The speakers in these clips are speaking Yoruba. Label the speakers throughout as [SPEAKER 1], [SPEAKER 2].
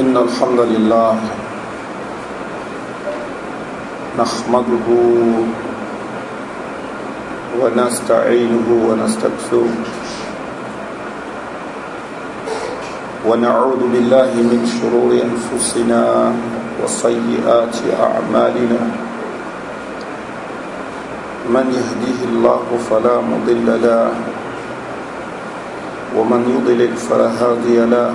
[SPEAKER 1] إن الحمد لله نحمده ونستعينه ونستكثره ونعوذ بالله من شرور أنفسنا وسيئات أعمالنا من يهديه الله فلا مضل له ومن يضلل فلا هادي له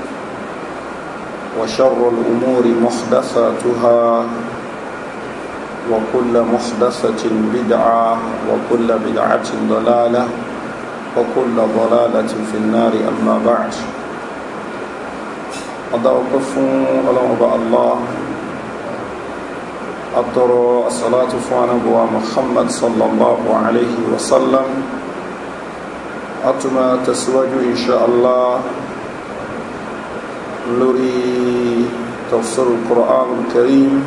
[SPEAKER 1] وشر الأمور محدثاتها وكل محدثة بدعة وكل بدعة ضلالة وكل ضلالة في النار أما بعد أدعوكم الله الله أدعو الصلاة فوانبوا محمد صلى الله عليه وسلم أتما تسوج إن شاء الله لري تفسير القرآن الكريم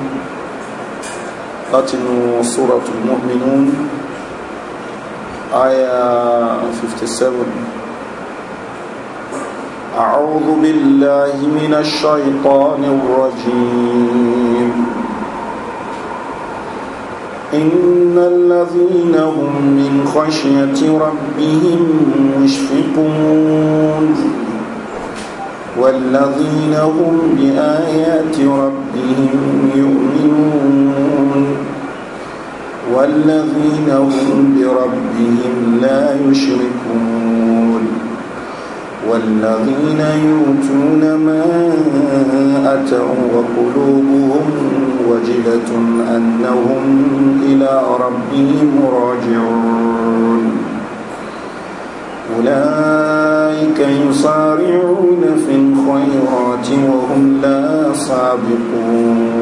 [SPEAKER 1] أتنوا سورة المؤمنون آية 57 أعوذ بالله من الشيطان الرجيم إن الذين هم من خشية ربهم مشفقون والذين هم بآيات ربهم يؤمنون والذين هم بربهم لا يشركون والذين يؤتون ما أتوا وقلوبهم وجلة أنهم إلى ربهم راجعون أولئك أولئك يسارعون في الخيرات وهم لا سابقون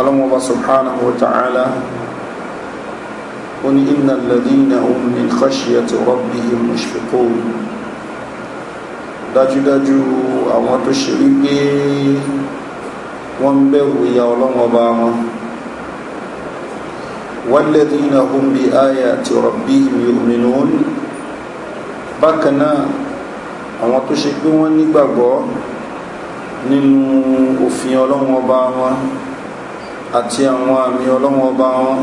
[SPEAKER 1] الله سبحانه وتعالى قل إن الذين هم من خشية ربهم مشفقون dájúdájú àwọn tó ṣe wípé wọ́n ń bẹ̀rù والذين هم بآيات ربهم يؤمنون بكنا àwọn tó ṣe pé wọ́n nígbàgbọ́ nínú òfin ọlọ́run ọba wọn àti àwọn àmì ọlọ́run ọba wọn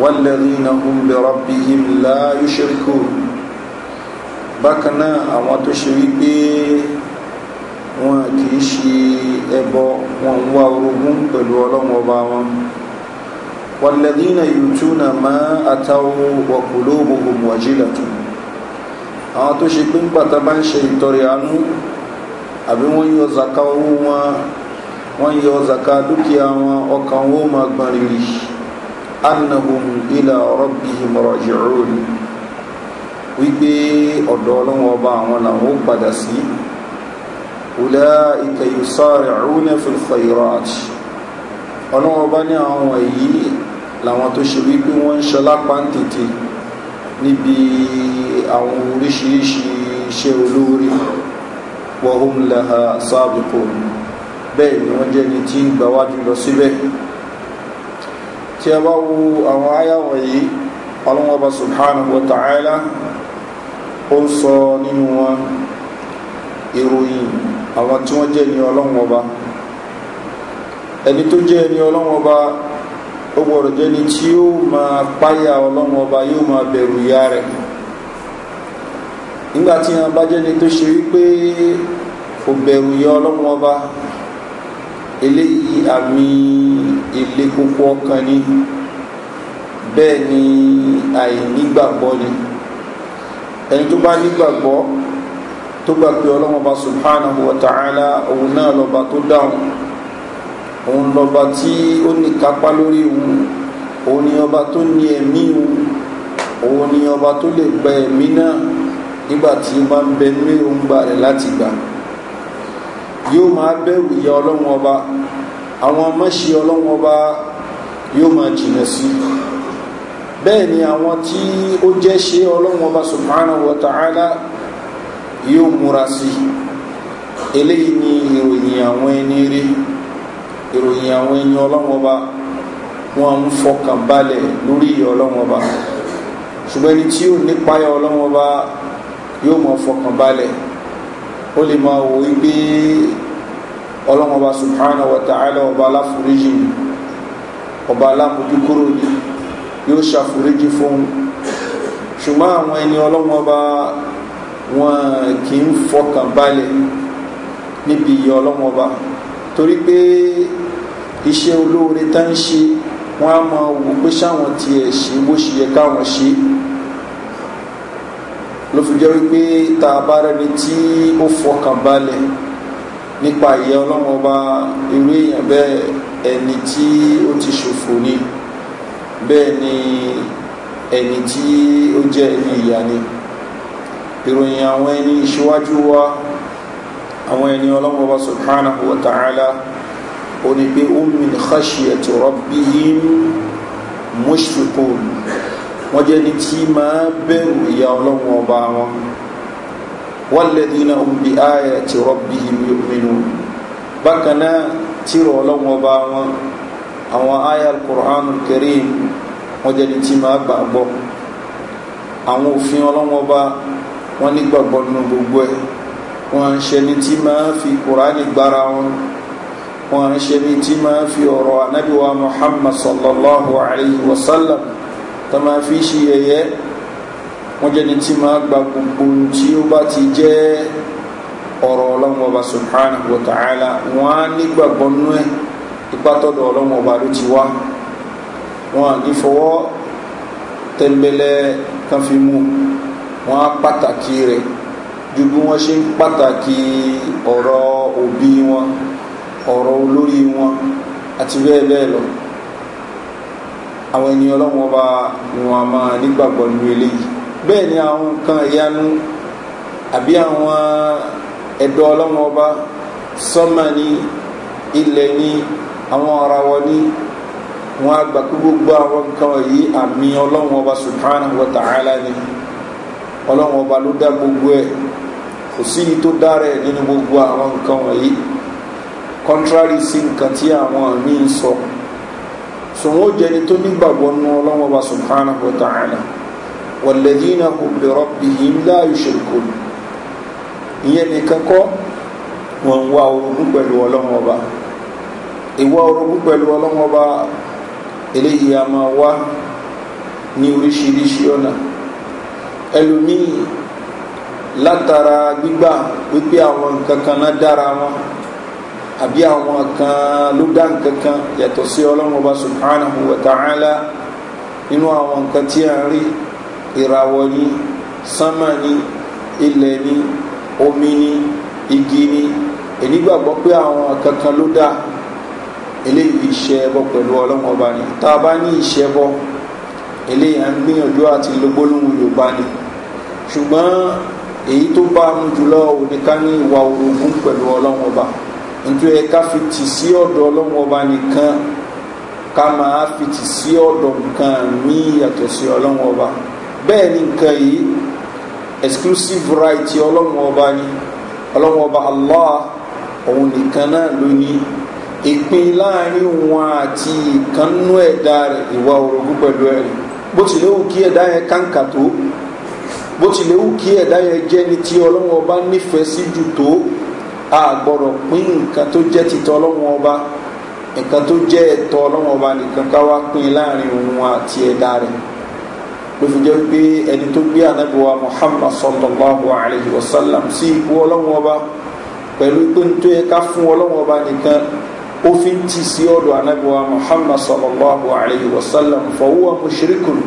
[SPEAKER 1] wàlẹ́rìnà ọmọbẹ̀ rọ́bì himlá yóṣẹ́ríkò bákanáà àwọn tó ṣe wípé wọn kìí ṣe ẹbọ wọn wá orogún pẹ̀lú ọlọ́run ọba wọn. والذين يؤتون ما أتوا وقلوبهم وجلة àwọn tó ṣe pé ńgbà tá bá ń ṣe ìtọrẹ àánú àbí wọ́n yọ zaka owó wọn wọ́n yọ zaka dúkìá wọn ọkàn wọn máa gbọ̀n rírì annahum ila rabbihim raji'un wípé ọ̀dọ̀ ọlọ́wọ́ àwọn làwọn ó padà sí ulaika yusari'una fil khairat ọlọ́wọ́ ọba ní àwọn wọ̀nyí làwọn tó ṣe wípé wọ́n ń ṣọlá pàǹtètè níbi àwọn oríṣiríṣi iṣẹ́ olóore wọ́hún lẹ́ha sáàbùkù bẹ́ẹ̀ ni wọ́n jẹ́ ni tí ń gbàwájú lọ síbẹ̀ tí a bá wo àwọn ayáwọ̀ yìí ọlọ́wọ́ba subhanahu wa ta'ala ó sọ nínú wọn ìròyìn àwọn tí wọ́n jẹ́ ni ọlọ́wọ́ba ẹni tó jẹ́ ni ọlọ́wọ́ba ó gbọ́dọ̀ jẹ́ni tí ó máa páyà ọlọ́run ọba yóò máa bẹ̀rù ìyá rẹ̀ nígbà tí wọn bá jẹ́ni tó ṣe wípé kò bẹ̀rù ìyá ọlọ́run ọba eléyìí àmì ilé kókó ọkàn ni bẹ́ẹ̀ ni àìnígbàgbọ́ ni ẹni tó bá nígbàgbọ́ tó gbà pé ọlọ́run ọba subhanahu wa ta'ala òun náà lọ́ba tó dáhùn òun lọba tí ó ní kápá lórí òun òun ni ọba tó ní ẹ̀mí òun òun ni ọba tó lè gba ẹ̀mí náà nígbà tí ó bá ń bẹ ní òǹgbà rẹ̀ láti gbà yóò máa bẹ̀rù ìyá ọlọ́run ọba àwọn mọ́ṣí ọlọ́run ọba yóò máa jìnà sí bẹ́ẹ̀ ni àwọn tí ó jẹ́ ṣe ọlọ́run ọba subhanahu wa yóò múra sí eléyìí ni ìròyìn àwọn ẹni rí ìròyìn àwọn ẹni ọlọ́wọ́n bá wọn ń fọkàn balẹ̀ lórí ọlọ́wọ́n bá ṣùgbọ́n ẹni tí ó nípayà ọlọ́wọ́n bá yóò mọ̀ fọkàn balẹ̀ ó lè máa wò ó gbé ọlọ́wọ́n subhanahu wa ta'ala ọba aláforíjì ọba alámojúkúrò ni yóò ṣàforíjì fún ṣùgbọ́n àwọn ẹni ọlọ́wọ́n bá wọn kì í fọkàn balẹ̀ níbi ìyọ ọlọ́wọ́n torí pé iṣẹ́ olóore tá ń ṣe wọ́n á máa wò pé sáwọn tiẹ̀ ṣe bó ṣe yẹ káwọn ṣe ló fi jẹ́ wípé tá a bá rẹni tí ó fọkàn balẹ̀ nípa ìyẹn ọlọ́run ọba irú èèyàn bẹ́ẹ̀ ẹni tí ó ti ṣòfò ni bẹ́ẹ̀ ni ẹni tí ó jẹ́ ẹni ìyá ni ìròyìn àwọn ẹni ìṣíwájú wa àwọn ẹni ọlọ́run ọba subhanahu wa ta'ala oni pe omi khashiyatu rabbihim mushfiqun wọn jẹ ni tí máa bẹrù ìyá ọlọ́run ọba wọn walladhina hum bi ayati rabbihim yu'minun bákan náà tírọ ọlọ́run ọba wọn àwọn aya al-Qur'an al-Karim wọn jẹ ni tí máa gbà gbọ́ àwọn òfin ọlọ́run ọba wọn nígbàgbọ́ nínú gbogbo ẹ̀ wọn ń ni tí máa fi Qur'an gbára wọn wọn ṣe ní tí máa fi ọ̀rọ̀ anábíwá muhammad sallallahu alayhi wa sallam tó máa fi ṣe yẹyẹ wọn jẹ́ ní tí máa gba gbogbo tí ó bá ti jẹ́ ọ̀rọ̀ ọlọ́run ọba wa ta'ala wọn nígbàgbọ́ nú ẹ̀ ipá tọ́dọ̀ ló ti wá wọn ní fọwọ́ tẹ́lẹ̀lẹ́ kan fi mú wọn á pàtàkì rẹ̀ ju bí wọ́n ṣe ń pàtàkì ọ̀rọ̀ òbí wọn ọ̀rọ̀ olórí wọn àti bẹ́ẹ̀ bẹ́ẹ̀ lọ àwọn ènìyàn ọlọ́wọ́n bá wọn a máa nígbàgbọ́ nínú eléyìí bẹ́ẹ̀ ni àwọn nǹkan ìyanu àbí àwọn ẹ̀dọ́ ọlọ́wọ́n bá sọ́mà ní ilẹ̀ ní àwọn ara wọn ní wọn àgbà kí gbogbo àwọn nǹkan yìí àmì ọlọ́wọ́n ọba subhanahu wa ta'ala ni ọlọ́wọ́n ọba ló dá gbogbo ẹ̀ kò sí yìí tó dára ẹ̀ nínú gbogbo àwọn nǹkan wọ̀nyí contrary sí nǹkan tí àwọn míín sọ sòwò jẹni tó nígbàgbọ́ nù ọlọ́wọ́ bá subhana wa ta'ala wàlẹ́dínà kò lè rọ́bì yìí láàyò ṣèkó ìyẹn nìkan kọ́ wọn wá orogún pẹ̀lú ọlọ́wọ́ bá ìwá orogún pẹ̀lú ọlọ́wọ́ bá eléyìí a máa wá ní oríṣiríṣi ọ̀nà ẹlòmíì látara gbígbà wípé àwọn nǹkan kan náà dára wọn àbí àwọn kan ló dá nǹkan kan yàtọ̀ sí ọlọ́run ọba subhanahu wa ta'ala nínú àwọn nǹkan tí a ń rí ìràwọ̀ ni sánmà ni ilẹ̀ ni omi ni igi ni èyí gbàgbọ́ pé àwọn kankan ló dá eléyìí iṣẹ́ ẹbọ pẹ̀lú ọlọ́run ọba ni tá a bá ní iṣẹ́ ẹbọ eléyìí à ń gbìyànjú àti lógbólóhùn yorùbá ni ṣùgbọ́n èyí tó bá mú jùlọ òní ká ní ìwà orogún pẹ̀lú ọlọ́run ọba nítorí ẹ ká fi tì sí ọ̀dọ̀ ọlọ́run ọba nìkan ká máa fi tì sí ọ̀dọ̀ nǹkan mí yàtọ̀ sí ọlọ́run ni nǹkan yìí exclusive right ọlọ́run ọba ni ọlọ́run ọba allah òun nìkan náà ló ní ìpín láàrin wọn àti ìkànnú ẹ̀dá rẹ̀ ìwà orogún pẹ̀lú ẹ̀rí bó ti léwu kí ẹ̀dá yẹn kàǹkà tó bó ti léwu kí ẹ̀dá yẹn jẹ́ni tí ọlọ́run ọba nífẹ̀ẹ́ sí jù tó a gbọ́dọ̀ pín nǹkan tó jẹ́ títọ́ ọlọ́wọ́n ọba nǹkan tó jẹ́ ẹ̀tọ́ ọlọ́wọ́n ọba nìkan ká wá pín láàrin òun àti ẹ̀dá rẹ̀ ló fi jẹ́ pé ẹni tó gbé ànábìwá muhammad sallallahu alayhi wa sallam sí ipò ọlọ́wọ́n ọba pẹ̀lú pé n yẹ ká fún ọlọ́wọ́n ọba nìkan ó fi ń tì sí ọ̀dọ̀ ànábìwá muhammad sallallahu alayhi wa sallam fọwọ́ mushrikun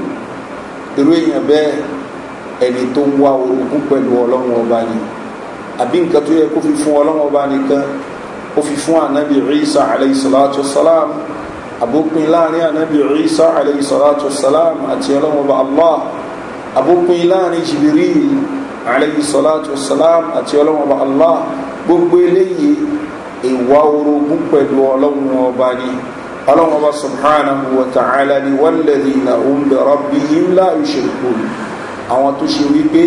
[SPEAKER 1] irú èèyàn bẹ́ẹ̀ ẹni tó ń wá orogún pẹ̀lú ọlọ́wọ́n ọba nìkan àbí nǹkan tó yẹ kó fi fún ọlọ́wọ́n bá nìkan ó fi fún ànábì ríṣà aleyhisalatu salam àbópin láàrin ànábì ríṣà aleyhisalatu salam àti ọlọ́wọ́n bá allah àbópin láàrin jìbìrì aleyhisalatu salam àti ọlọ́wọ́n bá allah gbogbo eléyìí ìwà orogún pẹ̀lú ọlọ́wọ́n bá ní ọlọ́wọ́n bá subhanahu wa ta'ala ni wọ́n lè rìn àwọn ọmọdé rọ́bì yìí ńlá ìṣèkú àwọn tó ṣe wípé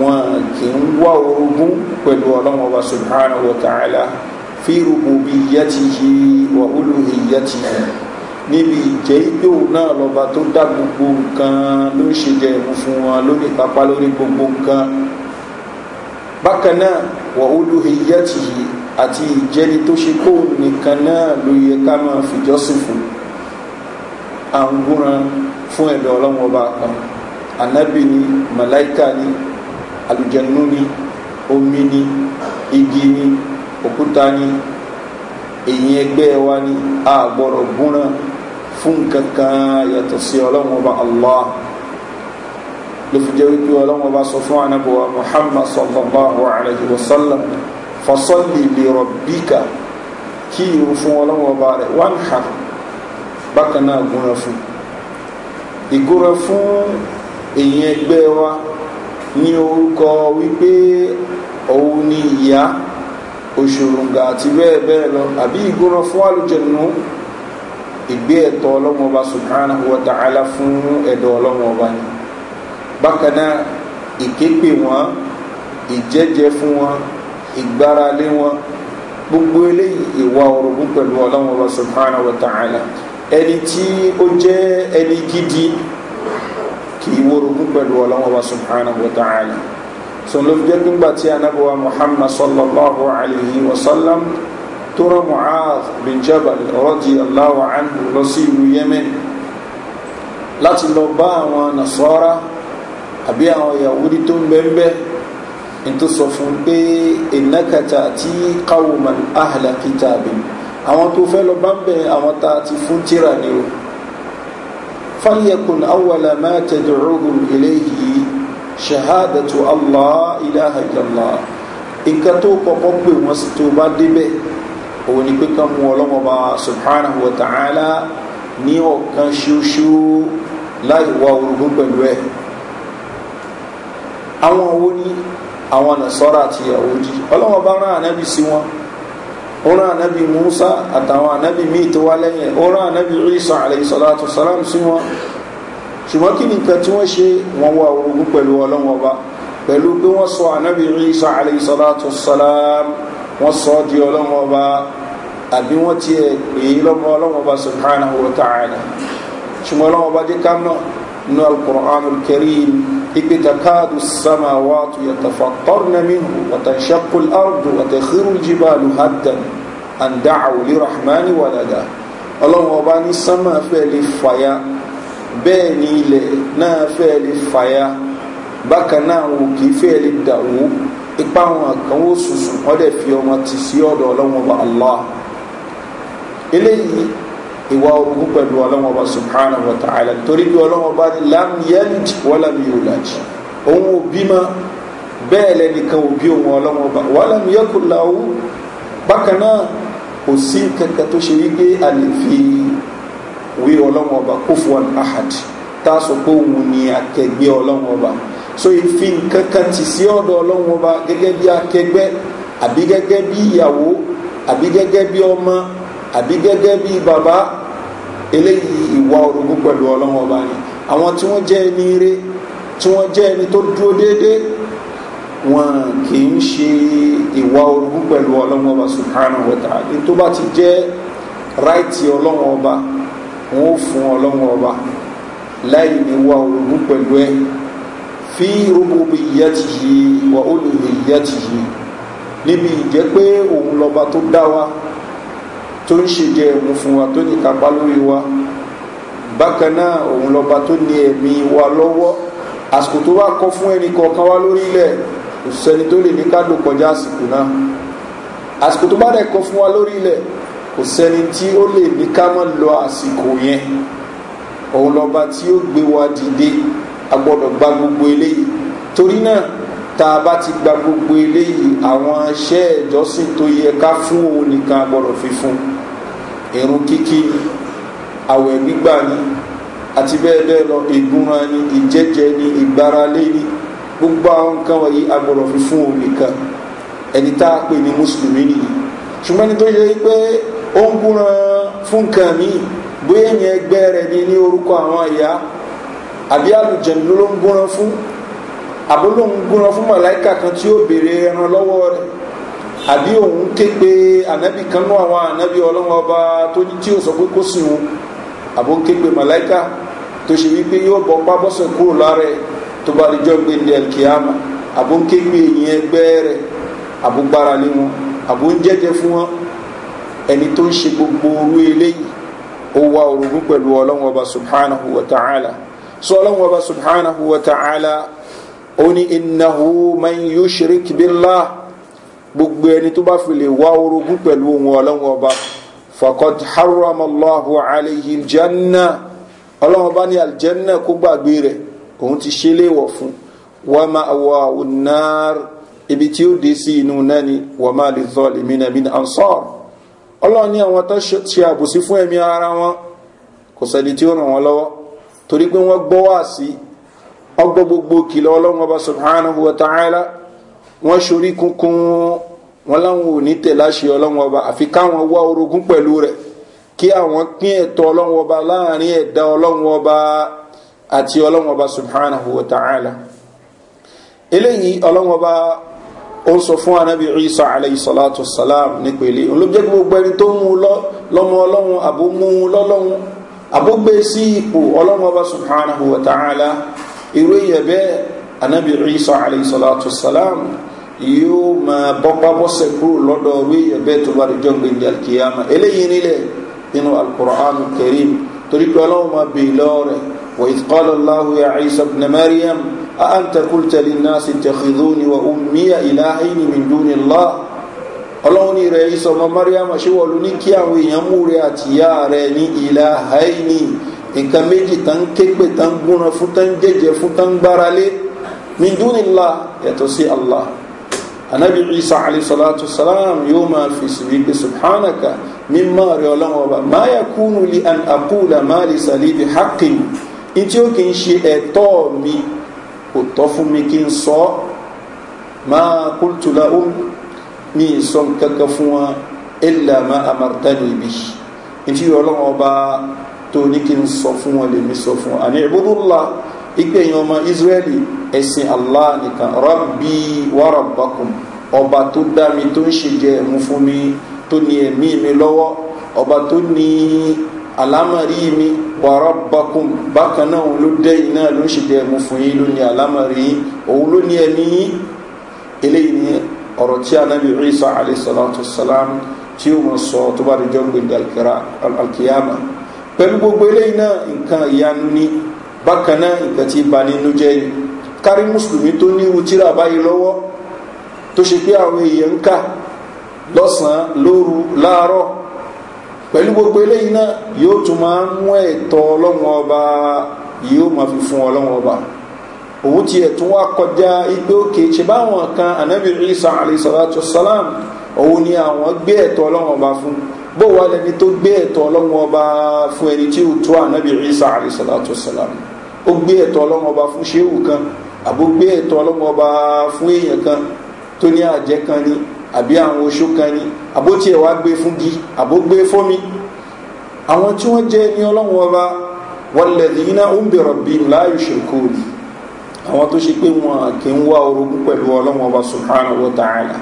[SPEAKER 1] wọn kì ń wá orogún pẹ̀lú ọlọ́wọ́n wa subhanahu wa ta'ala fi rububiyyatihi wa uluhiyyatihi níbi ìjẹ́ ìjó náà lọ́ba tó dá gbogbo nǹkan ló ń ṣe jẹ ìmú fún wọn lórí pápá lórí gbogbo nǹkan bákan náà wa uluhiyyatihi àti ìjẹni tó ṣe kó nìkan náà ló yẹ ká máa fìjọ́sìn fún à fún ẹ̀dọ̀ ọlọ́wọ́n ọba kan ànábì ni màláìka ni àlùjẹ̀nu ni omi ni igi ni òkúta ni èyìn ẹgbẹ́ wa ni a gbọ́dọ̀ gúnran fún kankan yàtọ̀ sí ọlọ́run ọba allah ló fi jẹ́ wípé ọlọ́run ọba sọ fún anábọ̀wá muhammad sallallahu alayhi wa sallam fasọ́lì lè rọ̀bíkà kí irun fún ọlọ́run ọba rẹ̀ wọ́n hà bákan náà gúnran fún ìgúnran fún èyìn ẹgbẹ́ wa ní orúkọ wípé òun ni ìyá òṣòrùngà àti bẹ́ẹ̀ bẹ́ẹ̀ lọ àbí ìgbóná fún àlùjẹnu ìgbé ẹ̀tọ́ ọlọ́mọba subhanahu wa ta'ala fún ẹ̀dọ̀ ọlọ́mọba ni bákan náà ìképe wọn ìjẹ́jẹ́ fún wọn ìgbáralé wọn gbogbo eléyìí ìwà orogún pẹ̀lú ọlọ́mọba subhanahu wa ta'ala ẹni tí ó jẹ́ ẹni gidi kì í worogún pẹ̀lú ọlọ́wọ́ wa subhanahu wa ta'ala so ló fi jẹ́ nígbà tí anabuwa muhammad sallallahu alayhi wa sallam tó rán mu'adh bin jabal rọ́jì allahu anhu lọ sí ìlú yemen láti lọ bá àwọn nasọ́ra àbí àwọn yahudi tó ń bẹ́ẹ̀ nítorí sọ fún pé ìnákàtà tí káwọn ahla kìtàbí àwọn tó fẹ́ lọ bá ń bẹ àwọn tá a ti fún tíra ni o. فليكن أول ما تدعوهم إليه شهادة الله إله إلا الله nǹkan tó kọ́kọ́ pè wọ́n sí tó bá débẹ̀ òun ni pé ká mú ọlọ́mọba subhanahu wa ta'ala ní ọ̀kan ṣoṣo láì wá orogún pẹ̀lú ẹ̀ àwọn owó ní àwọn nàṣọ́rà àti yahudi ọlọ́mọba rán ànábì sí wọn oran anabi musa àtàwọn anabi míì tó wá lẹ́yìn oran anabi isa alayhi salatu salam sí wọn ṣùgbọ́n kí ni nǹkan tí wọ́n ṣe wọ́n wá orogún pẹ̀lú ọlọ́wọ́n ọba pẹ̀lú pé wọ́n sọ anabi isa alayhi salatu salam wọ́n sọ di ọlọ́wọ́n ọba àbí wọ́n ti ẹ̀ pè é lọ́mọ ọlọ́wọ́n ọba subhanahu wa ta'ala ṣùgbọ́n ọlọ́wọ́n ọba dé kánú nínú alukur'an kẹrin ipe takadu samawatu yatafattarna minhu wa tanshaqqu al-ardu wa takhiru al-jibalu haddan an da'u lirahmani walada ọlọ́run ọba ní sánmà fẹ́ lè fàya bẹ́ẹ̀ ni ilẹ̀ náà fẹ́ lè fàya bákan náà wò kì í fẹ́ lè dàwó ipa àwọn kan ó sùsùn wọ́n dẹ̀ fi ọmọ tì sí ọ̀dọ̀ ọlọ́run ọba allah eléyìí ìwà orogún pẹ̀lú ọlọ́wọ́n ọba subhanahu wa ta'ala torí bí ọlọ́wọ́n ọba ní lam yalid wala mi yóò lajì òun ò bímọ bẹ́ẹ̀ lẹ́nìkan ò bí òun ọlọ́wọ́n ọba wala mi yẹ́kù làwù bákan náà kò sí kankan tó ṣe wípé a lè fi wí ọlọ́wọ́n ọba kófùwàn ahad tá a sọ pé òun ni akẹgbẹ́ ọlọ́wọ́n ọba so ìfi nǹkan kan sí ọ̀dọ̀ ọlọ́run ọba gẹ́gẹ́ bí akẹgbẹ́ àbí gẹ́gẹ́ bí ìyàwó àbí gẹ́gẹ́ bí ọmọ àbí gẹ́gẹ́ bí bàbá eléyìí ìwà orogún pẹ̀lú ọlọ́wọ́n ọba ni àwọn tí wọ́n jẹ́ ẹni ire tí wọ́n jẹ́ ẹni tó dúró déédéé wọn kì í ṣe ìwà orogún pẹ̀lú ọlọ́wọ́n ọba subhanahu wa ta'ala tó bá ti jẹ́ ráìtì ọlọ́wọ́n ọba wọn ó fún ọlọ́wọ́n ọba láì ní wà orogún pẹ̀lú ẹ fi rúbùbù ìyá ti yí wà ó lè yí ìyá ti yí níbi ìjẹ́ pé òun lọ́ba tó dá wa tó ń ṣe jẹ ẹ̀mú fún wa tó ní kápá lórí wa bákan náà òun lọ́ba tó ní ẹ̀mí wa lọ́wọ́ àsìkò tó wá kọ fún ẹnì kọ̀ọ̀kan wá lórí ilẹ̀ òṣìṣẹ́ni tó lè ní kádò kọjá àsìkò náà àsìkò tó bá dẹ̀ kọ fún wa lórí ilẹ̀ tí ó lè ní ká mọ́ lọ àsìkò yẹn òun lọ́ba tí ó gbé wa dìde a gba gbogbo eléyìí torí náà tá a bá ti gba gbogbo eléyìí àwọn iṣẹ́ ìjọsìn tó yẹ ká fún òun nìkan a gbọ́dọ̀ un irun kíkí àwẹ̀ gbígbà ni àti bẹ́ẹ̀ bẹ́ẹ̀ lọ ìgúnra ni ìjẹ́jẹ ni ìgbáralé ni gbogbo àwọn nǹkan wọ̀nyí agbọ̀rọ̀ fi fún omi kan ẹni tá a pè ní mùsùlùmí nìyí ṣùgbọ́n ní tó yẹ pé ó ń gúnran fún nǹkan míì bóyá ẹ̀yìn ẹgbẹ́ rẹ̀ ni ní orúkọ àwọn ìyá àbí àlùjẹ̀nu ló ń gúnran fún àbólóhùn gúnran fún màláìkà kan tí ó béèrè ẹran lọ́wọ́ rẹ̀ àbí òun ké pé ànábì kan náà àwọn ànábì ọlọ́wọ́ ọba tó ní tí ó sọ pé kó sìn òun àbó ké pé màláìka tó ṣe wípé yóò bọ́ pa bọ́sẹ̀ kúrò lára ẹ̀ tó bá rí jọ́ gbé ndẹ̀ kíámà àbó ké pé èyí ẹgbẹ́ rẹ̀ àbó gbára lé wọn àbó ń jẹ́jẹ́ fún wọn ẹni tó ń ṣe gbogbo orú eléyìí ó wá orogún pẹ̀lú ọlọ́wọ́ ọba subhanahu wa ta'ala sọ ọlọ́wọ́ ọba subhanahu wa ta'ala ó ní innahu man yushrik billah gbogbo ẹni tó bá fi lè wá orogún pẹ̀lú ohun ọlọ́run ọba fakọd haramallahu alayhi janna ọlọ́run ọba ní aljanna kó gbàgbé rẹ̀ òun ti ṣe léèwọ̀ fún wa ma wa unnar ibi tí ó dé sí inú náà ni wa ma lè zọlì mina min ansar ọlọ́run ní àwọn tó ṣe àbòsí fún ẹ̀mí ara wọn kò sẹ́ni tí ó ràn wọ́n lọ́wọ́ torí pé wọ́n gbọ́ wá sí ọgbọ́ gbogbo kìlọ̀ ọlọ́run ọba subhanahu wa ta'ala wọ́n ṣorí kunkun wọn láwọn ò ní tẹ̀ láṣẹ ọlọ́wọ́n ọba àfi káwọn wá orogún pẹ̀lú rẹ̀ kí àwọn pín ẹ̀tọ́ ọlọ́wọ́n ọba láàrin ẹ̀dá ọlọ́wọ́n ọba àti ọlọ́wọ́n ọba subhanahu wa ta'ala eléyìí ọlọ́wọ́n ọba ó sọ fún anabi isa alayhi salatu salam nípele olóòjẹ́ gbogbo ẹni tó mú lọ́mọ ọlọ́wọ́n àbó mú lọ́lọ́wọ́n àbó gbé sí ipò ọlọ́wọ́n ọba subhanahu wa ta'ala irú èyẹ anabi isa alayhi salatu salam yóò máa bọ́pábọ́sẹ̀ kúrò lọ́dọ̀ wíyẹ̀ bẹ́ẹ̀ tó bá di jọ́ gbẹ̀ngẹ̀ alikiyama eléyìí nílẹ̀ nínú alukur'an kẹrin torí pé ọlọ́run máa bèè lọ́rẹ̀ wà ìtìkọ́lọ́láhu ya isa bin mariam a an ta kulta lin nasi takhiduni wa ummiya ilahin min duni allah ọlọ́run ní rẹ̀ isa ọmọ mariam ṣíwọ̀lú ní kí àwọn èèyàn mú rẹ̀ àti ìyá rẹ̀ ní ilahaini nǹkan méjì tán kégbè tán gúnra fún tán jẹjẹ fún tán gbáralé min duni allah yàtọ̀ sí allah anabi isa alayhisalatu salam yóò máa fi síbi pé subhanaka mímọ́ rẹ̀ ọlọ́wọ́ ọba máa yà kúnnù li an akula máa lè sàlíbi haqqin in tí ó kì í ṣe ẹ̀tọ́ mi kò tọ́ fún mi kí n sọ ọ́ máa kúltùlá ó ní ìsọ amartani bi in tí ọlọ́wọ́ ọba tó ní kí n sọ ipe èèyàn ọmọ israẹli ẹ̀sìn allah nìkan rabbi wa rabbakum ọba tó dá mi tó ń ṣe jẹ ẹ̀mú fún mi tó ní ẹ̀mí mi lọ́wọ́ ọba tó ní alámàrí mi wa rabbakum bákan náà òun ló dẹ́yìn náà ló ń ṣe jẹ ẹ̀mú fún yín ló ní alámàrí òun ló ní ẹ̀mí eléyìí ni ọ̀rọ̀ tí anabi isa alayhi salatu salam tí ó mọ̀ sọ tó bá di jọ́ gbẹ̀dẹ̀ alkiyama pẹ̀lú gbogbo eléyìí náà nǹkan ìyanu ni bákan náà nǹkan tí ìbanilójẹ́ ni kárí mùsùlùmí tó ní wùtírà báyìí lọ́wọ́ tó ṣe pé àwọn èèyàn ń kà lọ́sàn-án lóru láàárọ̀ pẹ̀lú gbogbo eléyìí náà yóò tún máa ń mú ẹ̀tọ́ ọlọ́run ọba yóò máa fi fún ọlọ́run ọba òun ti ẹ̀tún wá kọjá igbó kèéṣe báwọn kan anabi isa alayhisalatu salam òun ni àwọn gbé ẹ̀tọ́ ọlọ́run ọba fún bó wà lẹni tó gbé ẹ̀tọ́ ọlọ́run ọba fún ẹni tí ó tó anabi isa alayhisalatu salam ó gbé ẹ̀tọ́ ọlọ́mọ ọba fún ṣéwù kan àbó gbé ẹ̀tọ́ ọlọ́mọ ọba fún èèyàn kan tó ní àjẹ́ kan ni àbí àwọn oṣó kan ni àbó tiẹ̀ wá gbé fún gi àbó gbé fọ́mi àwọn tí wọ́n jẹ́ ní ọlọ́mọ ọba wọlẹ̀dì iná ó ń bẹ̀rọ̀ bí láàyò ṣèkó ni àwọn tó ṣe pé wọn kì í wá orogún pẹ̀lú ọlọ́mọ ọba subhanahu wa ta'ala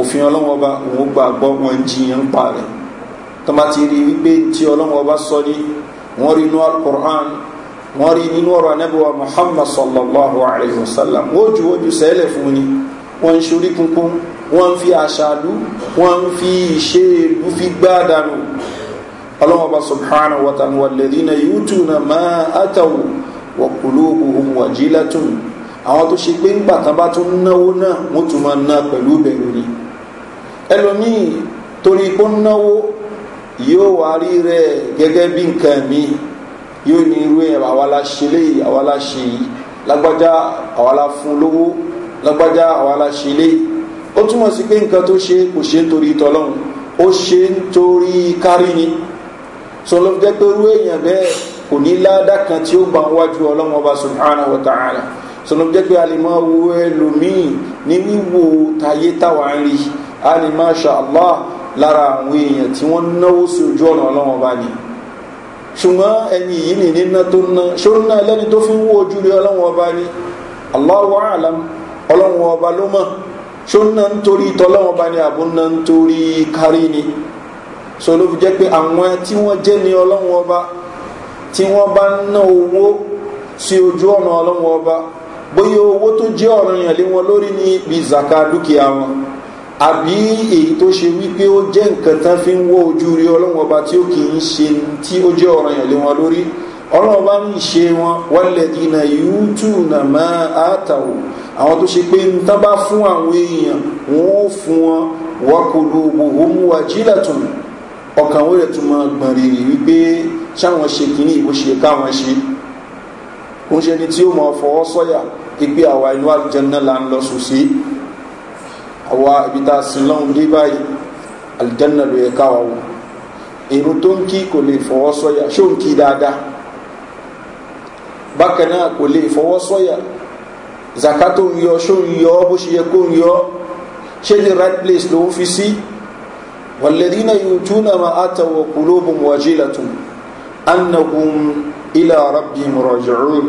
[SPEAKER 1] òfin ọlọ́wọ́ bá òun gba àgbọ́ wọn jiyàn pa rẹ̀ tó bá ti rí wípé tí ọlọ́wọ́ bá sọ ní wọ́n rí inú alukur'an wọ́n rí nínú ọ̀rọ̀ anábíwá muhammad sallallahu alayhi wa sallam wọ́n ju ojú sẹ́lẹ̀ fún ni wọ́n ń ṣorí kúnkún wọ́n ń fi àṣàlú wọ́n ń fi ìṣe ìlú fi gbá dànù ọlọ́mọba subhanahu wa ta'an wàlẹ́dí na yóò na máa àtàwò wọ̀kùlóòbù ohun wàjílá tún àwọn tó ṣe pé ńgbà tán bá tún náwó náà wọ́n tún máa ná pẹ̀lú bẹ̀rù ni ẹlòmíì torí kó náwó yóò wá rẹ̀ gẹ́gẹ́ bí nǹkan míì yóò ní irú ẹ̀ àwa la ṣe léyìí àwa la ṣe yìí lágbájá àwa la fún lówó lágbájá àwa la ṣe léyìí ó túmọ̀ sí pé nǹkan tó ṣe kò ṣe nítorí tọlọ́run ó ṣe nítorí kárí ni sọlọ́ jẹ́ pé irú èèyàn bẹ́ẹ̀ kò ní ládà kan tí ó gbà wájú ọlọ́run ọba subhanahu wa ta'ala sọlọ́ jẹ́ pé a lè máa wo ẹlòmíì ní wíwo tayé táwa ń rí a lè máa ṣàlá lára àwọn èèyàn tí wọ́n náwó sí ojú ọ̀nà ọlọ́run ọba nìyí ṣùgbọ́n ẹni yìí ní níná tó ná ṣóun náà lẹ́ni tó fi ń wó ojú rí ọlọ́run ọba ni allahu alam ọlọ́run ọba ló mọ̀ ṣóun náà ń torí tọ́lọ́run ọba ni àbó náà ń torí kárí ni so ló fi jẹ́ pé àwọn tí wọ́n jẹ́ ní ọlọ́run ọba tí wọ́n bá ń ná owó sí ojú ọ̀nà ọlọ́run ọba bóyá owó tó jẹ́ ọ̀ràn yàn lé wọn lórí ní ibi zaka dúkìá wọn àbí èyí tó ṣe wípé ó jẹ́ nǹkan tán fi ń wọ́ ojú rí ọlọ́wọ́n ọba tí ó kì í ṣe tí ó jẹ́ ọ̀ràn yàn lé wọn lórí ọlọ́wọ́n bá ń ṣe wọn wálẹ̀ dínà yúùtù nà máa àtàwò àwọn tó ṣe pé tá bá fún àwọn èèyàn wọn ó fún wọn wákòló gbogbo wa jílẹ̀ tún ọkàn wọn rẹ̀ tún máa gbọ̀n rèrè wípé ṣáwọn ṣe kìíní ìbò ṣe káwọn ṣe kò ń ṣe ni tí ó máa fọwọ́ sọ́yà pípé àwa inú àlùjẹ náà là ń lọ sùn sí àwa ibi tá a sin lọ́hùn dé báyìí alìjẹ́nà ló yẹ káwa wò èrò tó ń kí kò lè fọwọ́ sọ́yà ṣó ń kí dáadáa bákan náà kò lè fọwọ́ sọ́yà zakato ń yọ ṣó ń yọ bó ṣe yẹ right place ló ń fi sí wàlẹ́dínà yóò túnà máa àtàwọ̀ annahum ilà rabbim raj'un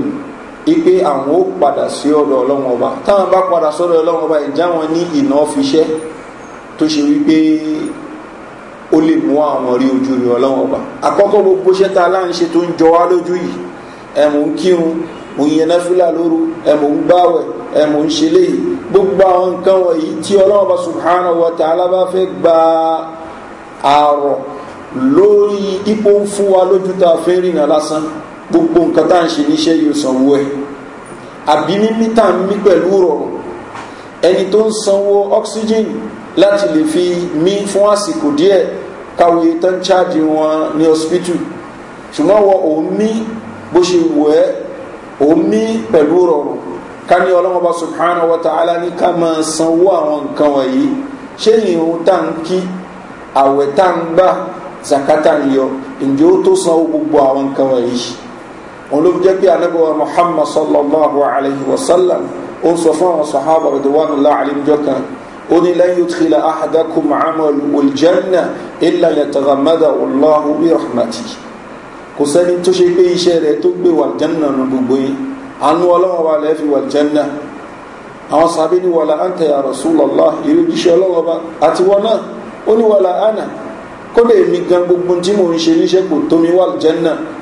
[SPEAKER 1] ipe àwọn ó padà sí ọ̀dọ̀ ọlọ́wọ́n ọba táwọn bá padà sọ́dọ̀ ọlọ́wọ́n ọba ìjà wọn ní ìná fiṣẹ́ tó ṣe wípé ó lè mú àwọn rí ojú rí ọlọ́wọ́n ọba àkọ́kọ́ gbogbo iṣẹ́ tá a láǹ ṣe tó ń jọ wá lójú yìí ẹ̀mù ń kírun mò ń yẹn náfìlà lóru ẹ̀mù ń gbáwẹ̀ ẹ̀mù ń ṣe léyìí gbogbo àwọn nǹkan wọ̀nyí tí ọlọ́wọ́n ọba subhanahu wa ta'ala bá fẹ́ gba àrọ̀ lórí ipò ń fún wa lójú tá a fẹ́ rìnà lásán gbogbo nǹkan tá à ń ṣe níṣẹ́ yìí sanwó ẹ̀ àbí mímí tá à ń mí pẹ̀lú rọrùn ẹni tó ń sanwó oxygen láti lè fi mí fún àsìkò díẹ̀ káwé tán cháàjì wọn ní hospital ṣùgbọ́n wọ òun mí bó ṣe wù ẹ́ òun mí pẹ̀lú rọrùn ká ní ọlọ́mọba subhanahu wa ta'ala ní ká máa sanwó àwọn nǹkan wọ̀nyí ṣé ìhun tá à ń kí àwẹ̀ tá à ń gbà zakata ń yọ ǹjẹ́ ó tó sanwó gbogbo àwọn nǹkan wọ̀nyí òun ló fi jẹ́ pé anábíwá muhammad sallallahu alayhi wa sallam ó sọ fún àwọn sahaba rẹ̀dùwánu láàrin jọ́ka ó ní lẹ́yìn òtìlá àhàdákùn muhammadu olùjẹ́nà ilà yàtàrà mẹ́ta ọlọ́hu bí rahmati kò sẹ́ni tó ṣe pé iṣẹ́ rẹ̀ tó gbé wà jẹ́nà nù gbogbo yìí àánú ọlọ́wọ́ wa lẹ́ẹ̀fi wà jẹ́nà àwọn sàbí ni wàlà àǹtẹ̀ yà rasulallah ìlú jíṣẹ́ ọlọ́wọ́ bá àti wọn náà ó ní wàlà àná kó lè mi gan gbogbo tí mò ń ṣe níṣẹ́ kò tómi wà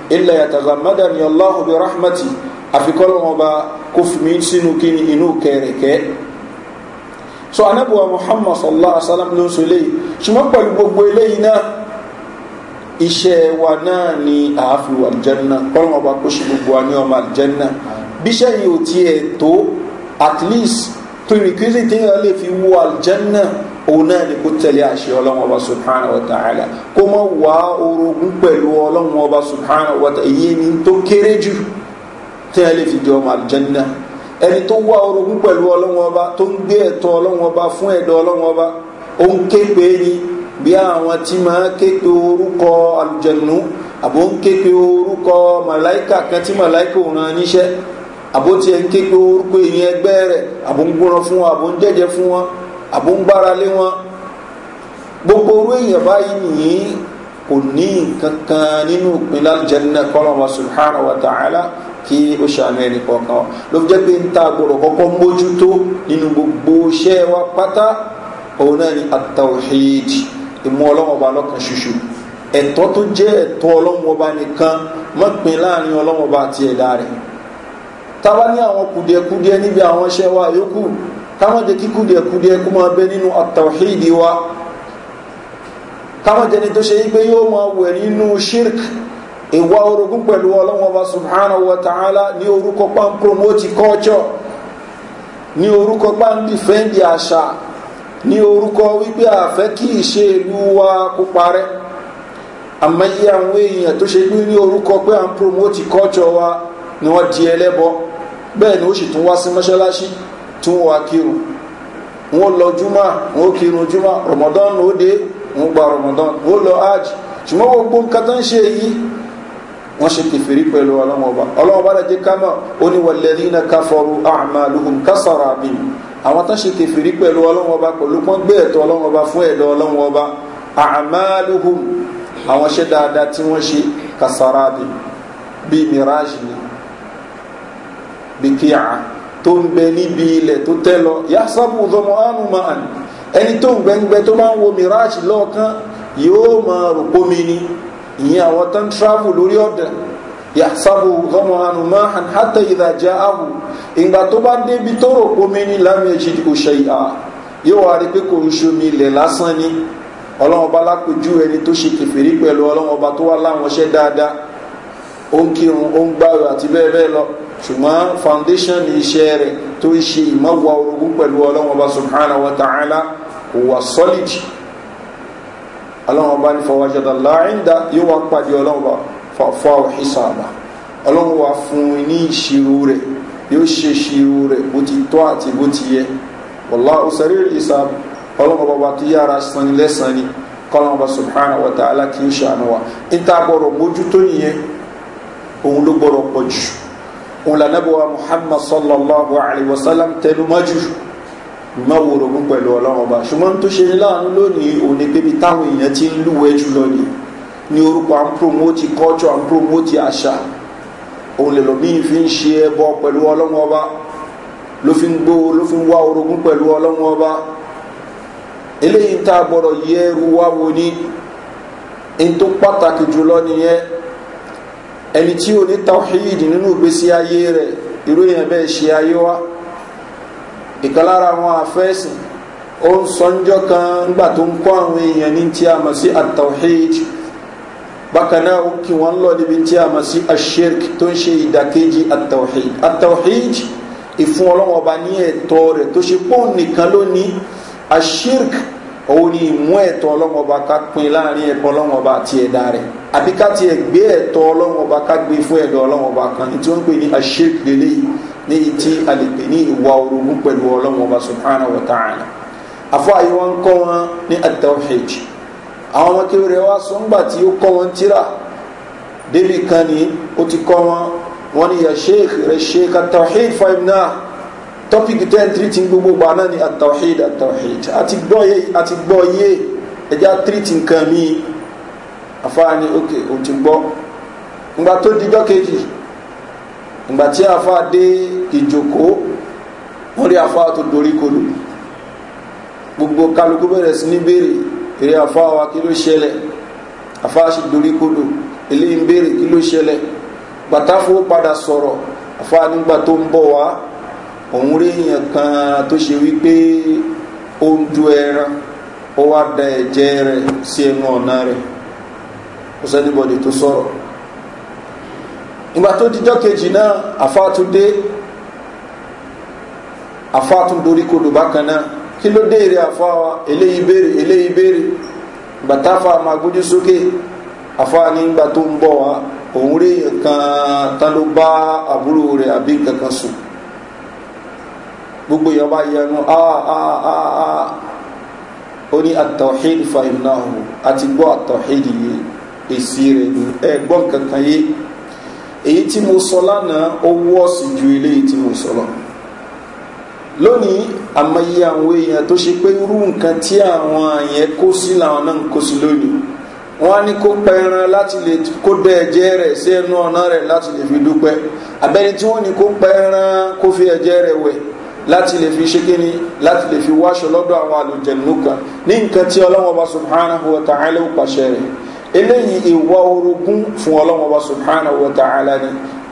[SPEAKER 1] ilẹ̀ yàtàgà mádàní aláhùn bí rahmati àfikọ́lọ́ ọba kò fi mí sínú kí ni inú kẹrẹ̀kẹ́ so anábùwà muhammad sallallahu alaihi wa sallam ló ń sọ eléyìí ṣùgbọ́n pẹ̀lú gbogbo eléyìí náà iṣẹ́ wa náà ni àáfi wà jẹ́nà kọ́lọ́n ọba kó ṣe gbogbo wa ní ọmọ jẹ́nà bíṣẹ́ yìí ò tiẹ̀ tó at least prerequisite yẹn lè fi wọ àlùjẹ́nà òun náà ni kó tẹ̀lé àṣẹ ọlọ́run ọba subhanahu wa ta'ala kó mọ̀ wá orogún pẹ̀lú ọlọ́run ọba subhanahu wa ta'ala èyí ni tó kéré jù tí a lè fi di ọmọ àlùjẹ́nà ẹni tó wá orogún pẹ̀lú ọlọ́run ọba tó ń gbé ẹ̀tọ́ ọlọ́run ọba fún ẹ̀dọ́ ọlọ́run ọba ó ń ké ni bí àwọn tí máa ké orúkọ àlùjẹ̀nù àbó ń ké orúkọ màláìkà kan tí màláìkà ò ràn níṣẹ́ àbó tiẹ̀ ń ké orúkọ èèyàn ẹgbẹ́ rẹ̀ àbó ń gbóná fún wọn àbó ń jẹ́jẹ́ fún wọn àbó ń gbára lé wọn gbogbo orú èèyàn báyìí nìyí kò ní nǹkan kan nínú ìpínlẹ̀ aljanna kọ́lọ́mọ subhanahu wa ta'ala kí ó ṣàánú ẹni kọ̀ọ̀kan wa ló fi jẹ́ pé ń ta àgbọ̀rọ̀ kọ́kọ́ mójútó nínú gbogbo iṣẹ́ wa pátá òun náà ni at-tawhid ìmú ọlọ́mọba lọ́kàn ṣoṣo ẹ̀tọ́ tó jẹ́ ẹ̀tọ́ ọlọ́mọba nìkan mọ́pin láàrin ọlọ́mọba àti ẹ̀dá rẹ̀ táwa ní àwọn kùdìẹ̀kùdìẹ̀ níbi àwọn iṣẹ́ wa yòókù káwọn jẹ́ kí kúdìẹ̀kúdìẹ̀ kó máa bẹ nínú àtàwíìdì wa káwọn jẹ́ ni tó ṣe yí pé yóò máa wẹ̀ nínú shirk ìwà orogún pẹ̀lú ọlọ́wọ́n bá subhanahu wa ta'ala ní orúkọ pan promote culture ní orúkọ pan defend àṣà ní orúkọ wípé àfẹ́ kí ìṣe ìlú wa kó parẹ́ àmọ́ yí àwọn èèyàn tó ṣe ní orúkọ pé à ń promote culture wa ni wọ́n di ẹlẹ́bọ bẹ́ẹ̀ ni ó sì tún wá sí mọ́ṣáláṣí tí wọ́n wá kírun wọ́n lọ júmọ́ wọ́n kírun júmọ́ ramadan ó dé wọ́n gba ramadan wọ́n lọ hajj ṣùgbọ́n gbogbo nǹkan tó ń ṣe yìí wọ́n ṣe kẹfìrí pẹ̀lú ọlọ́mọba ọlọ́mọba lè jẹ́ kámọ́ oníwàlẹ́rí iná káfọ́rú àmàlùkùn kásàrà bí àwọn tó ṣe kẹfìrí pẹ̀lú ọlọ́mọba pẹ̀lú pọ́n gbé ẹ̀tọ́ ọlọ́mọba fún ẹ̀dọ́ ọlọ́mọba àmàlùkùn àwọn ṣe dáadáa tí wọ́n ṣe kásàrà bí bí mìíràn ṣe ní bí kíyà tó ń bẹ níbi ilẹ̀ tó tẹ́ lọ yasabu zọmọ anu man ẹni tó ń gbẹ́ngbẹ́ tó bá ń wo miraj lọ́ọ̀kan yóò máa rò pómi ni ìyẹn àwọn tó ń travel lórí ọ̀dà yasabu zọmọ anu man hata ìdájà ahu ìgbà tó bá débi tó rò pómi ni lámì ẹ̀jì kò ṣe ìhà yóò wá rí pé kò ń ṣomi ilẹ̀ lásán ni ọlọ́wọ́n lápèjú ẹni tó ṣe kẹfìrí pẹ̀lú ọlọ́wọ́n tó wá láwọn ṣẹ́ dáadáa ó ń kírun ó ń gbáwé àti bẹ́ẹ̀ bẹ́ẹ̀ lọ ṣùgbọ́n foundation ní iṣẹ́ rẹ̀ tó ń ṣe ìmọ̀wá orogún pẹ̀lú ọlọ́run ọba subhanahu wa ta'ala kò wà solid ọlọ́run ọba ní fọwọ́jọ́dá láàríndà yóò wá pàdé ọlọ́run ọba fọ́ ìsàbà ọlọ́run wa fún ní ìṣirò rẹ̀ yóò ṣe ìṣirò rẹ̀ bó ti tọ́ àti bó ti yẹ wọ́lá òsèré ìsàbà ọlọ́run tó yára sanni lẹ́sàn ni kọ́lọ́run ọba wa ta'ala kì í ṣàánú wa ìta mójútó nìyẹn òun ló gbọ́dọ̀ pọ̀ jù òun lànàbọ̀wá muhammad sallallahu alayhi wa sallam tẹnumọ́jú ìmọ̀wòrògùn pẹ̀lú ọlọ́run ọba ṣùgbọ́n tó ṣe láàánú lónìí òní pébi táwọn èèyàn ti ń lúwẹ́ jùlọ ni ní orúkọ à ń promote culture à ń promote àṣà òun lè lòmíì fi ń ṣe ẹbọ pẹ̀lú ọlọ́run ọba ló fi ń gbó ló fi ń wá orogún pẹ̀lú ọlọ́run ọba eléyìí tá a gbọ́dọ̀ yẹ ẹrú wá wo ní n pàtàkì jùlọ nìyẹn ẹni tí o ní tawhid nínú ìgbésí ayé rẹ irú èèyàn ṣe ayé wa ìkàlára àwọn afẹ́sìn ó ń kan nígbà tó ń àwọn èèyàn ní tí a mọ̀ sí at bákan náà ó kí wọ́n lọ níbi tí a mọ̀ sí ashirk tó ń ṣe ìdàkejì ìfún ní ẹ̀tọ́ tó ṣe pọ́ nìkan lónìí ashirk òun ni ìmú ẹ̀tọ́ àbí ká tiẹ̀ gbé ẹ̀tọ́ ọlọ́run ọba ká gbé fún ẹ̀dọ̀ ọlọ́run ọba kan ní tí wọ́n ń pè ní àṣírí lélẹ́yìí ní ìtí àlèpè ní ìwà orogún pẹ̀lú ọlọ́run ọba subhanahu wa ta'ala afọ àyè wọn kọ́ wọn ní atawhid àwọn ọmọ kékeré wa sọ ńgbà tí ó kọ́ wọn tíra débi kan ní ó ti kọ́ wọn wọn ni ya rẹ sheikh atawhid fahimna topic ten treating gbogbo gba náà ni atawhid atawhid àti gbọ́ yé àti gbọ́ àfáà ni oke òun ti gbọ́ ńgbà tó dijọ́ kejì ńgbà tí àfáà dé ìjòkó wọ́n rí àfáà tó dorí gbogbo kálukú bẹ̀rẹ̀ sí ní béèrè eré àfáà wa kí ló ṣẹlẹ̀ àfáà sì dorí kodò eléyìí ń béèrè kí ló ṣẹlẹ̀ gbàtàfó padà sọ̀rọ̀ àfáà nígbà tó ń bọ̀ wá òun rí èèyàn kan tó ṣe wípé ó ń du ẹran ó wá da ẹ̀jẹ̀ rẹ̀ sí ẹnu kò sẹ́ni bọ̀dì sọrọ sọ̀rọ̀ ìgbà tó dijọ́ kejì náà àfàtúndé àfàtúndorí kodò bákan náà kí ló dé afọ wa eléyìí béèrè eléyìí béèrè ìgbà táfa máa gbójú sókè àfa ní ìgbà tó ń bọ̀ wá òun rí nǹkan tán ló bá àbúrò rẹ̀ àbí nǹkan kan sùn gbogbo èèyàn bá yẹnu ó ní fa ìnáwó àti gbọ́ yìí èsì rẹ̀ ní ẹgbọ́n kankan yé èyí tí mo sọ lánàá ó wọ́ sí ju eléyìí tí mo sọ lọ lónìí àmọye àwọn èèyàn tó ṣe pé irú nǹkan tí àwọn àyẹn kó sí làwọn náà ń kó sí lónìí wọn á ní kó pẹran láti lè kó dẹ ẹ̀jẹ̀ rẹ̀ sí ẹnu ọ̀nà rẹ̀ láti lè fi dúpẹ́ abẹ́ni tí wọ́n ní kó pẹran kó fi ẹ̀jẹ̀ rẹ̀ wẹ̀ láti lè fi ṣe láti lè fi wáṣọ lọ́dọ̀ àwọn àlùjẹ̀nù kan ní nǹkan tí ọlọ́wọ́n bá subhanahu wa ta'ala ó pàṣẹ rẹ̀ eléyìí ìwà orogún fún ọlọ́wọ́n wa subhanahu wa ta'ala ni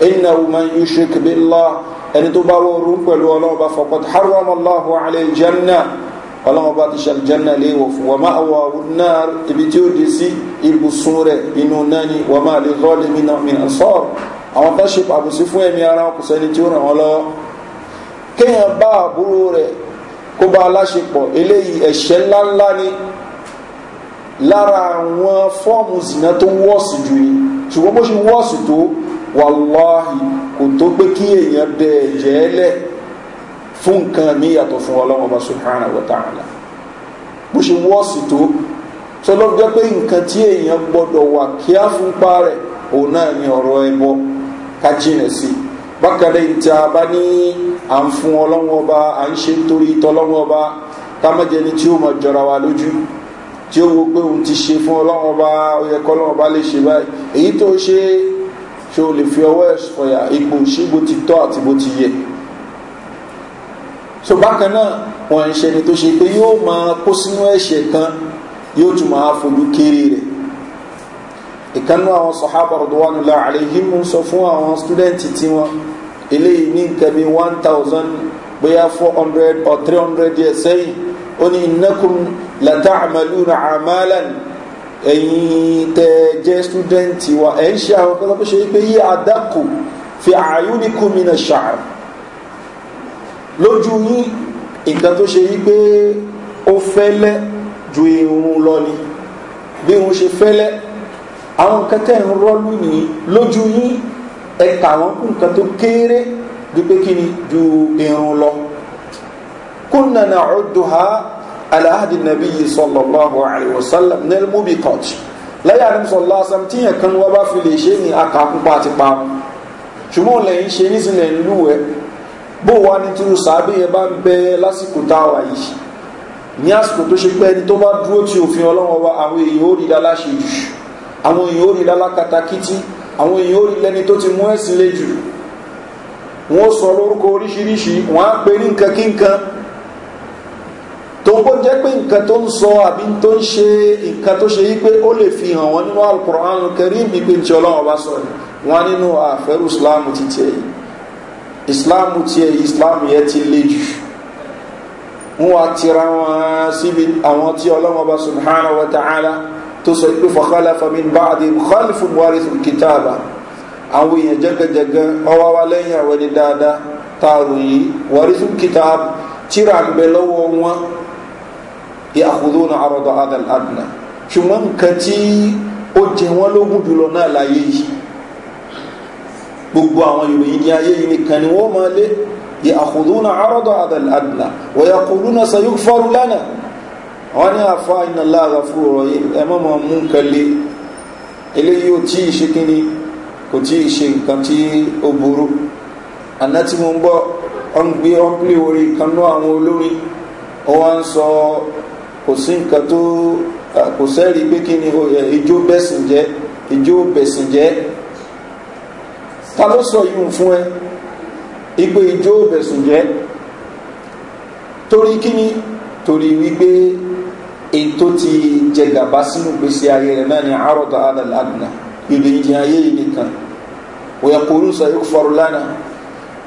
[SPEAKER 1] inna man yushrik billah ẹni tó bá wọ́n orogún pẹ̀lú ọlọ́wọ́n bá fọkàn haram allahu alayhi janna ọlọ́wọ́n bá ti ṣàlì janna léwọ̀ fún wa máa wà wùnà ibi tí ó di sí ibùsùn rẹ̀ inú náà ni wa máa lè rọ́ọ̀lì mi náà mi náà sọ́ọ̀rọ̀ àwọn tó ṣe pàbùsí fún ẹ̀mí ara kò sẹ́ni tí ó ràn wọ́n lọ́wọ́ kéèyàn bá àbúrò rẹ̀ kó bá aláṣepọ̀ eléyìí ẹ̀ṣẹ̀ ńláńlá ni lára àwọn fọ́ọ̀mù zina tó ń wọ́ọ̀sì jù yìí ṣùgbọ́n bó ṣe wọ́ọ̀sì tó wàláhì kò tó pé kí èèyàn dẹ ẹ̀jẹ̀ ẹlẹ̀ fún nǹkan mi yàtọ̀ fún ọlọ́run ọba subhanahu wa ta'ala bó ṣe wọ́ọ̀sì tó sọlọ́ jẹ́ pé nǹkan tí èèyàn gbọ́dọ̀ wà fún pa rẹ̀ òun náà tí o wo pé òun ti ṣe fún ọlọ́wọ́n ọba oyè kọ́ ọlọ́wọ́n ọba lè ṣe báyìí èyí tó ṣe ṣe o lè fi ọwọ́ ẹ̀ sọ̀yà ipò ṣí bó ti tọ́ àti bó ti yẹ so bákan náà wọn ń ṣe ni tó ṣe pé yóò máa kó sínú ẹ̀ṣẹ̀ kan yóò tún máa fojú kéré rẹ̀ ìkànnú àwọn sọ̀hábà rọ̀dọ̀wánu la àlèyìn mú sọ fún àwọn stúdẹ̀ntì tí wọn eléyìí ní nǹkan bí one thousand bóyá four hundred or three hundred years sẹ́yìn ó ní ìnákùn lata'amaluna amalan ẹ̀yin tẹ́ jẹ́ stúdẹ́ǹtì wa ẹ̀ ń ṣe àwọn kan tó ṣe pé yí àdákù fi àyúnikú mi náà ṣàr lójú yín nǹkan tó ṣe yí pé ó fẹ́lẹ́ ju irun lọ ni bí irun ṣe fẹ́lẹ́ àwọn nǹkan tẹ́ ń rọ́lú nìyí lójú yín ẹ̀ka àwọn kún nǹkan tó kéré ju pé kí ni ju irun lọ kúnnà náà ọdún ha aláhàdì nàbí yìí sọlọ́láhùn àríwọ̀sálàm nílmùbí kọ́ọ̀tì lẹ́yà ní sọlá sam tí yẹn kan wá bá fi lè ṣe ní akàkúnpá àti pa ṣùgbọ́n lẹ́yìn ṣe ní sílẹ̀ ń lù ẹ́ bó wà ní tìrú sàábì yẹn bá ń bẹ lásìkò táwa yìí ní àsìkò tó ṣe pé ẹni tó bá dúró tí òfin ọlọ́wọ́ wa àwọn èèyàn ó rí lálá ṣe jù àwọn èèyàn ó rí lálá katakítí àwọn èèyàn ó rí lẹni tó ti mú ẹ̀sìn lé jù wọ́n sọ lórúkọ oríṣiríṣi wọ́n á pè ní nǹkan kí nǹkan tó ń kó jẹ́ pé nǹkan tó ń sọ àbí tó ń ṣe nǹkan tó ṣe yí pé ó lè fi hàn wọ́n nínú alukur'an kẹrin mi pé tí ọlọ́run ọba sọ ni wọ́n nínú àfẹ́rù islam ti tiẹ̀ yìí islam tiẹ̀ yìí islam yẹn ti le jù wọ́n wá tira wọn síbi àwọn tí ọlọ́run ọba subhanahu wa ta'ala tó sọ pé fọkànlá famin báàdì khalifun warithun kitaaba àwọn èèyàn jẹ́gẹ́jẹ́gẹ́ ọwọ́ wa lẹ́yìn àwọn ẹni dáadáa tààrù yìí warithun kitaaba tíra ń lọ́wọ́ wọn yàkùdúnà àròdọ̀ adàl adnà ṣùgbọ́n nǹkan tí ó jẹ wọ́n lógún jùlọ náà láyé yìí gbogbo àwọn ìròyìn ní ayé yìí nìkan ni wọ́n máa lé yàkùdúnà àròdọ̀ adàl adnà wọ̀yàkùdúnà sayuk fọ́rù lánàá wọ́n ní àfa iná láàgà fún ọ̀rọ̀ yìí ẹ mọ́ máa mú nǹkan lé eléyìí ò tí ì ṣe kíni kò tí ì ṣe nǹkan tí ó burú àná tí mo ń bọ́ ọ́n gbé ọ́n pè orin kan àwọn olórin ó wá ń sọ kò sí nǹkan tó kò sẹ́rí pé kí ni ìjó bẹ̀sìn jẹ́ ìjó bẹ̀sìn jẹ́ ta ló sọ yìí fún ẹ ipò ìjó bẹ̀sìn jẹ́ torí kí ni torí wípé ètò ti jẹgàba sínú gbèsè ayé rẹ náà ni àròdà adàládùnà ìlú ìjìn ayé yìí nìkan òyà kòrú sọ yóò fọrọ lánàá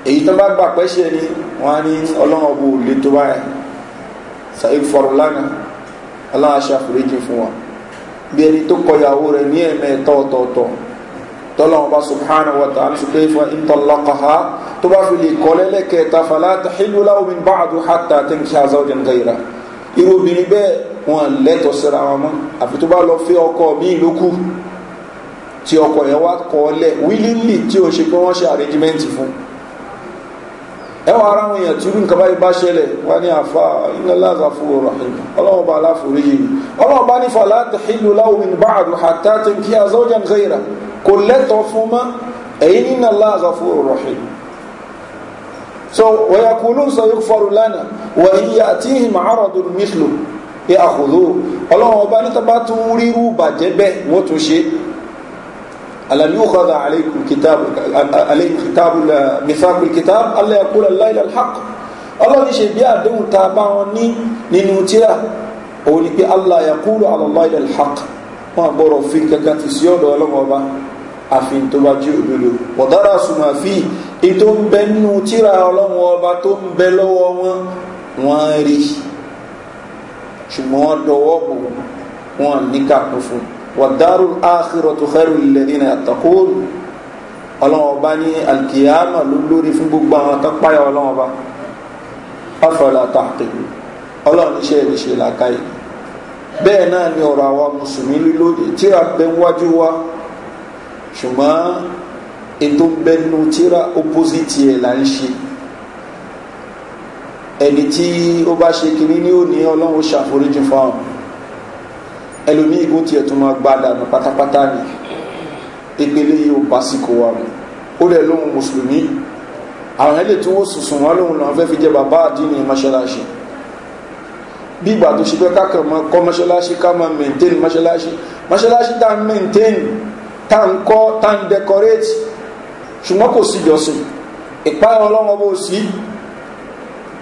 [SPEAKER 1] èyí tó bá gbà pẹ́ṣẹ́ ni wọ́n á ní ọlọ́run ọ̀bù lè tó báyà sọ yóò fọrọ lánàá aláàṣà foríjì fún wa bí ẹni tó kọyàwó rẹ̀ ní ẹ̀mẹ́ẹ̀tọ́ ọ̀tọ̀ọ̀tọ̀ tọ́lọ́wọ́n bá subhanahu wa ta'ala ṣùgbọ́n ìfọ̀ ìtọ̀lọ́kọ̀ha tó bá fi lè kọ́ lẹ́lẹ́kẹta falata hilulahu min ba'du hatta tankiha zawjan ghayra irú obìnrin bẹ́ẹ̀ wọn lẹ́tọ̀ síra wọn mọ́ àfi tó bá lọ fẹ́ ọkọ míì lókù tí ẹwà ara wọn yẹn tìrú nǹkan báyìí bá ṣẹlẹ̀ wá ní àfa iná láza fún ọ̀rọ̀ ọlọ́wọ́n bá aláforí yìí ọlọ́wọ́n bá ní fàlá tẹ̀hìlú láwùmí bá àdùn àtà tí kí azọ́jà ń gẹ́yìrà kò lẹ́tọ̀ fún mọ́ ẹ̀yìn iná láza fún ọ̀rọ̀ so wọ́yàkùnú sọ yóò fọ́rù lánàá wọ́n yíyà tí ìmọ̀ àrọ̀dùn mílò yà àkùdó ọlọ́wọ́n bá ní tàbá rírú bàjẹ́ bẹ́ẹ̀ wọ́n tún ṣe ألم يؤخذ عليكم كتاب عليكم كتاب ميثاق الكتاب ألا يقول الله إلى الحق الله ní ṣe bí àdéhùn tá a bá wọn ní nínú tíra òun ni pé Allah yaqulu ala Allah ila al-haq wọn gbọ́dọ̀ fi kankan ti sí ọ̀dọ̀ ọlọ́wọ́ ọba àfin tó bá jí òdodo ọ̀dára sùnmọ̀ fi ètò ń bẹ nínú tíra ọlọ́wọ́ ọba tó ń bẹ lọ́wọ́ wọn wọ́n rí ṣùgbọ́n wọ́n dọwọ́ bò wọ́n níkà kún fún un wàdárù áàkìrọ̀ tó xẹ́rù lẹ́dínà àtàkùn ọlọ́wọ́ bá ní alkiyama ló lórí fún gbogbo àwọn akápáyà ọlọ́wọ́ bá afọlá tààkìrù ọlọ́wọ́ níṣẹ́ níṣẹ́ làkàyè bẹ́ẹ̀ náà ni ọ̀rọ̀ àwa mùsùlùmí lílóde tíra bẹ́ wájú wa ṣùgbọ́n ètò bẹnu tíra opposite ẹ̀ là ń ṣe ẹni tí ó bá ṣe kiri ní òní ọlọ́wọ́ ṣàforíjì fáwọn ẹlòmíì kò tiẹ̀ tún máa gba dànù pátápátá ni ìpele yìí ò básìkò wa mu ó dẹ̀ lóhun mùsùlùmí àwọn ẹlẹ́ tí wọ́n sùsùn wọn lóhun làwọn fẹ́ fi jẹ bàbá àdínì mọ́ṣáláṣí bí ìgbà tó ṣe fẹ́ kákan mọ́ kọ́ mọ́ṣáláṣí ká máa maintain mọ́ṣáláṣí mọ́ṣáláṣí tá ń maintain tá ń kọ́ tá ń decorate ṣùgbọ́n kò sí ìjọsìn ìpáyà ọlọ́wọ́ bó sí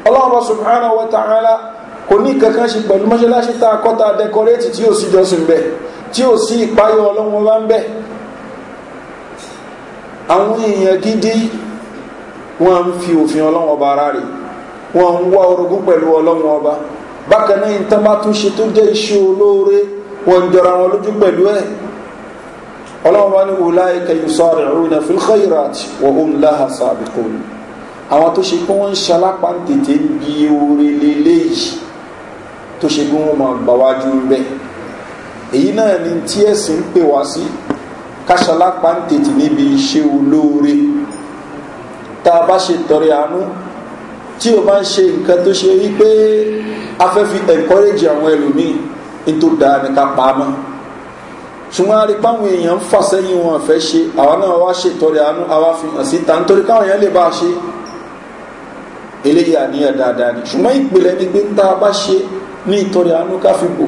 [SPEAKER 1] ọlọ́wọ́ subhanahu wa ta'ala kò ní kankan ṣe pẹ̀lú mọ́ṣáláṣí tá a kọ́ta dẹkọrétì tí ò sí jọsìn bẹ̀ tí ò sí ìpáyọ̀ ọlọ́wọ́n bá ń bẹ̀ àwọn èèyàn gidi wọ́n ń fi òfin ọlọ́wọ́n ọba ara rè wọ́n ń wá orogún pẹ̀lú ọlọ́wọ́n ọba bákan náà ìtàn bá tún ṣe tó jẹ́ iṣẹ́ olóore wọ́n ń jọra wọn lójú pẹ̀lú ẹ̀ ọlọ́wọ́n bá ní wùlá ẹ̀ka ìsọ̀rọ̀ ìrìnà fìlkọ́ìràt wọ́n ń láhà sàbìkún àwọn tó ṣe pé wọ́n ń ṣalápá tètè ń oore lélẹ́yìí tó ṣe bí wọ́n máa gbà wájú ń bẹ́ èyí náà ni tí ẹ̀sìn ń pè wá sí káṣalápá ń tètè níbi iṣẹ́ olóore tá a bá ṣe tọrẹ àánú tí o bá ń ṣe nǹkan tó ṣe wípé a fẹ́ fi encourage àwọn ẹlòmíì nítorí dáa ní pa á mọ́ ṣùgbọ́n a èèyàn ń fà sẹ́yìn wọn fẹ́ ṣe àwa náà wá ṣètọrẹ àánú àwa fi hàn síta nítorí káwọn èèyàn lè bá a ṣe eléyìí àníyàn dáadáa ni ṣùgbọ́n ìpìlẹ̀ ni pé tá a bá ṣe ní ìtọrẹ àánú káfíkò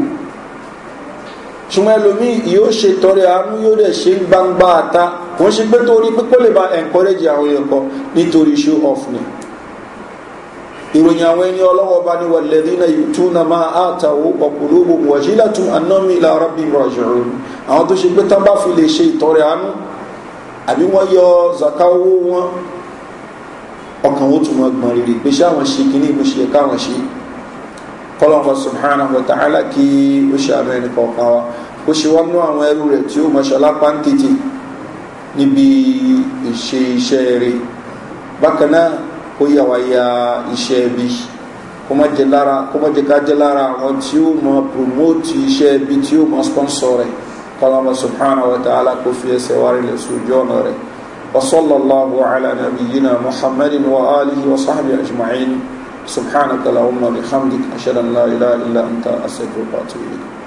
[SPEAKER 1] ṣùgbọ́n ẹlòmíì yóò ṣe tọrẹ àánú yóò dẹ̀ ṣe ń gbangba àta wọ́n ṣe pé torí pé lè ba encourage àwọn ẹ̀kọ́ nítorí show off ni ìròyìn àwọn ẹni ọlọ́wọ́ bá ní wàlẹ́dí náà yìí tún náà máa àtàwọ̀ ọ̀pọ̀lọ́ gbogbo wàjílá tún anámi ilà arábí rọ̀jùrù àwọn tó ṣe pé tán bá fi lè ṣe ìtọrẹ àánú àbí wọ́n yọ zakawo wọn ọkàn ó tún máa gbọ̀n rírì pé ṣé àwọn ṣe kíní ìbò ṣe ẹ̀ka àwọn ṣe kọ́lọ́mọ subhana wa ta'ala kí ó ṣe àmì ẹni kọ̀ọ̀kan wa ó ṣe wá nú àwọn ẹrú rẹ̀ tí ó mọṣọlá pàǹtìtì níbi ìṣe iṣẹ́ rẹ̀ bákan náà ó yà wá ya iṣẹ́ ẹbí kó má jẹ lára kó má jẹ ká jẹ lára àwọn tí ó mọ promote iṣẹ́ ẹbí tí ó mọ sponsor rẹ̀ kọ́lọ́mọ subhana wa ta'ala kó fi ẹsẹ̀ wárí lẹ̀ sójú ọ̀nà rẹ̀. وصلى الله على نبينا محمد وآله وصحبه أجمعين سبحانك اللهم بحمدك أشهد أن لا إله إلا أنت أستغفرك وأتوب إليك